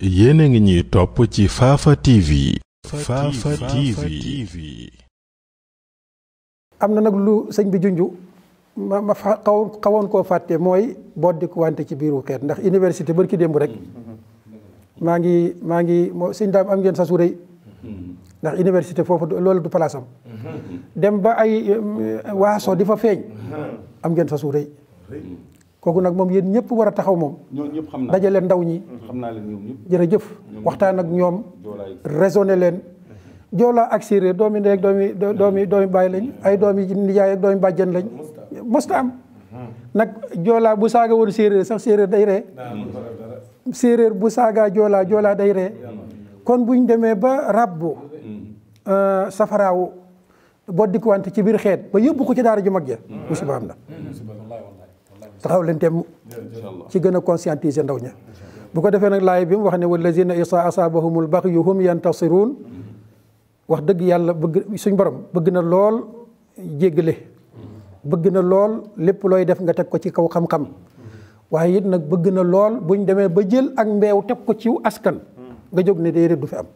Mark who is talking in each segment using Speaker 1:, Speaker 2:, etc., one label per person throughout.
Speaker 1: yéen a ngi ñuy topp ci Fafa TV.
Speaker 2: Fafa TV am na nag lu sëñ bi junj ma ma xaw xawoon koo fàtte mooy boddiku wante ci biiru xeet ndax université bari ki démb rek maa ngi maa ngi moo sëñ daam am ngeen sasu rëy ndax université foofu loolu du place am dem ba ay euh, waaso di fa feeñ am ngeen sasu rëy kooku nag moom yéen ñëpp war a taxaw moom.
Speaker 1: ñooñu ñëpp xam naa dajale ndaw ñi. Mhm. xam naa leen ñoom ñëpp.
Speaker 2: jërëjëf waxtaan ak ñoom. raisonné leen. Mhm. Joola ak séeréer doomi ndey ak doomi doomi doomi bàyyi lañ mhm. ay doomi nijaay ak doomi bàjjen lañ. mosta am nag Joola bu saaga woon séeréer sax séeréer day ree. séeréer bu saagaa Joola Joola day ree. kon buñ demee ba rabbu euh, safaraawu boddikuwante ci biir xeet ba yóbbu ku ci daara ju mag ja musiba am na. taxaw leen tem ci gën a conscientiser ndaw ña bu ko defee nag laay bi mu wax ne wallazina isa asaabahumul baxyu hum yantasiruun wax dëgg yàlla bëgg suñ borom bëgg na lool le bëgg na lool lépp looy def nga teg ko ci kaw xam-xam waaye it nag bëgg na lool buñ demee ba jël ak mbeew teg ko ciw askan nga jóg ne déedéet du fi am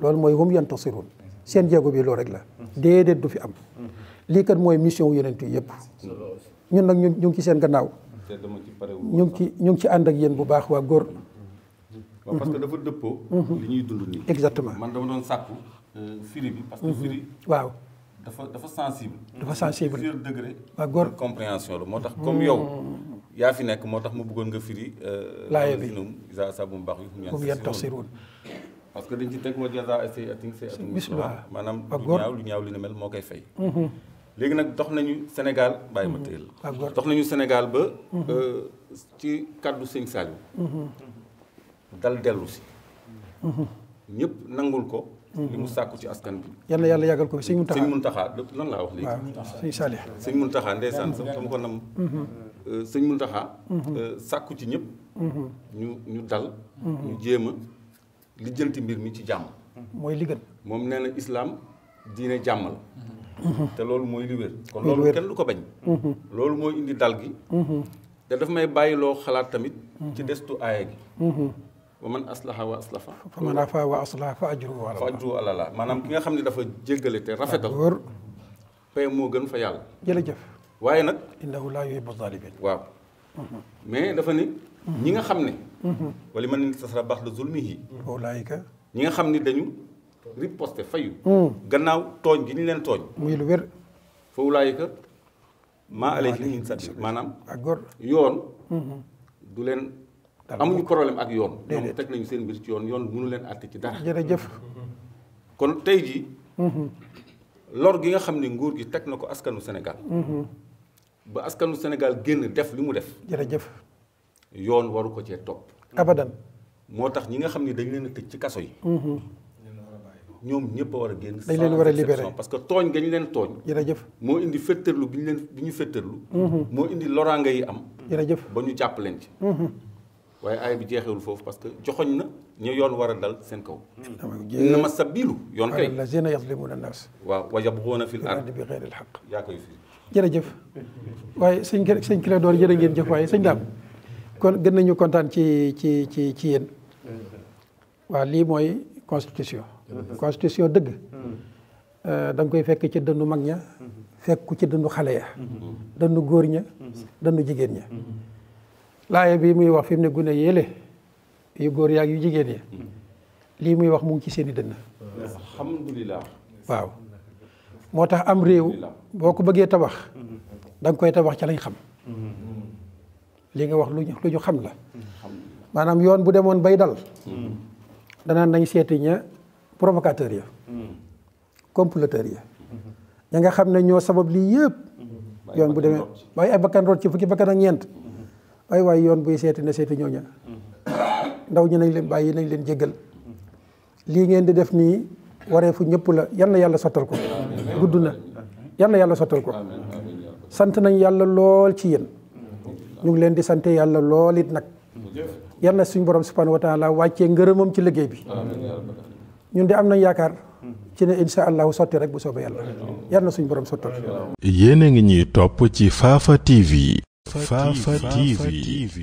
Speaker 2: loolu mooy hum yantasiruun seen jéego bi loolu rek la déedéet du fi am lii kat mooy mission wu yonent yi yëpp ñun nag ñu ngi ci seen gannaaw. ñu ngi ci ñu ngi ci ànd ak yéen bu baax waa góor.
Speaker 1: parce que dafa dëppoo. Mhm. li ñuy dund nii. exactement man dama doon sàkku euh, firi bi parce que mhm. firi. waaw dafa dafa sensible. dafa sensible plusieurs degré. waa góor compréhension la moo tax comme yow. yaa fi nekk moo tax ma buggoon nga firi. Euh, laaya bi sa mu baax yi. fu mu yan tax siroon parce que dañ ci teg wa jazaa sayyi'atin sayyi'atun misluhaa ah, maanaam lu ñaaw lu ñaaw li ne mel moo koy fay. Mhm. léegi nag dox nañu Sénégal bàyyi ma mhm. téel dox nañu Sénégal ba mhm. euh, ci kàddu sëñ Saliou mhm. dal dellu si ñëpp nangul ko li mu sàkku ci askan bi yàlla
Speaker 2: yàlla yàggal ko sëñ Muntaxa sëñ
Speaker 1: Muntaxa lan laa wax léegi
Speaker 2: sëñ Saliou sëñ
Speaker 1: Muntaxa ndeysaan sax dama ko nam euh, sëñ Muntaxa euh, sàkku ci ñëpp ñu ñu dal ñu jéem lijjanti mbir mi ci jàmm mooy li gën moom nee na islaam diine jàmm la te loolu mooy li wér kon loolu kenn du ko bañ mhm. loolu mooy indi dal gi te daf may bàyyiloo xalaat tamit ci mhm. destu aaya gi mhm. wa man aslaha wa aslafa fa man
Speaker 2: afa wa aslaha fa ajruhu
Speaker 1: la maanaam ki nga xam ne dafa jéggale te rafetal wër pay moo gën fa yàlla jërëjëf waaye nag innahu laa yuhibbu zalimin waaw mais dafa ni ñi nga xam ne wala man tasra ba'da zulmihi ulaika ñi nga xam ni dañu riposte fayu. Hmm. gannaaw tooñ gi ñu leen tooñ. muy lu wér. fa wulaayika maa alayhim min sabiil maanaam. ak gor yoon. Hmm. du leen. amuñu problème ak yoon. ñoom teg nañu seen mbir ci yoon yoon munu leen àtte ci dara. jërëjëf. kon tey jii. Hmm. lor gi nga xam ni nguur gi teg na ko askanu Sénégal. ba askanu Sénégal génn def li mu def. jëf yoon waru ko cee topp. abadan. moo tax ñi nga xam ne dañ leen a tëj ci kaso yi. ñoom ñëpp a war a génn. dañ leen war a libéré parce que tooñ gañ leen tooñ. jërëjëf moo indi féttarlu bi ñu leen bi ñu féttarlu. Mhm. moo indi loraanga yi am. jërëjëf ba ñu jàpp leen ci. Mhm. waaye aay bi jeexewul foofu parce que joxoñ na ñu yoon war a dal seen kaw. innama sabilu yoon kay
Speaker 2: allazina yazlimuna
Speaker 1: nnaas. waaw wa yabxuuna fil ardi bi xeyril xaq. yaa koy firi.
Speaker 2: jërëjëf waaye sëñ kii sëñ Kile Dóor jërë ngeen jëf waaye sëñ Dame kon gën nañu kontaan ci ci ci ci yéen. waaw lii mooy constitution. Mmh. constitution dëgg mmh. euh, da koy fekk ci dënnu mag ña mmh. fekku ci dëndu xale ya dënnu góor ña dëndu jigéen ña laaya bi muy wax fi mu ne gune yéele yu góor yaag yu jigéen ya lii muy wax mu ngi ci seeni i dënn waaw moo tax am réew boo ko bëggee tabax da koy tabax ci lañ xam li nga wax lu ñu xam la maanaam yoon bu demoon bay dal danaan nañ seeti ña provocateurs ya hmm. comploteurs ya ña nga xam ne ñoo sabab lii yëpp
Speaker 1: hmm. yoon bu demee
Speaker 2: waaye ay bakkan root ci fukki bakkan ak ñeent hmm. ay waaye yoon buy seeti na seeti ñooña ndaw ñi nañ leen bàyyi nañ leen jéggal lii ngeen di def nii waree fu ñëpp la yal na yàlla sottal ko gudd na yal na yàlla sottal ko sant nañ yàlla lool ci yéen ñu ngi leen di sante yàlla lool it nag yal na suñu borom subhanahu wa taala wàccee ngërëmam ci liggéey bi ñun de am nañ yaakaar ci ne incha allahu sotti rek bu soobee yàlla yar na suñu borom sottal
Speaker 1: yéen a ngi ñuy topp ci Fafa TV
Speaker 2: Fafa TV